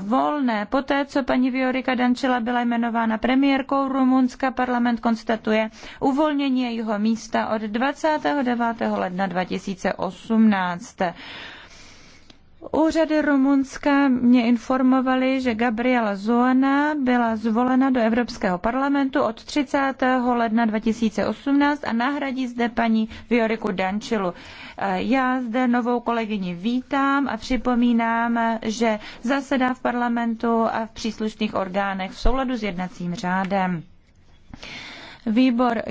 volné. Poté, co paní Viorika Dančila byla jmenována premiérkou Rumunska, parlament konstatuje uvolnění jejího místa od 29. ledna 2018. Úřady Rumunska mě informovaly, že Gabriela Zoana byla zvolena do Evropského parlamentu od 30. ledna 2018 a nahradí zde paní Vioriku Dančilu. E, já zde novou kolegyni vítám a připomínám, že zasedá v parlamentu a v příslušných orgánech v souladu s jednacím řádem. Výbor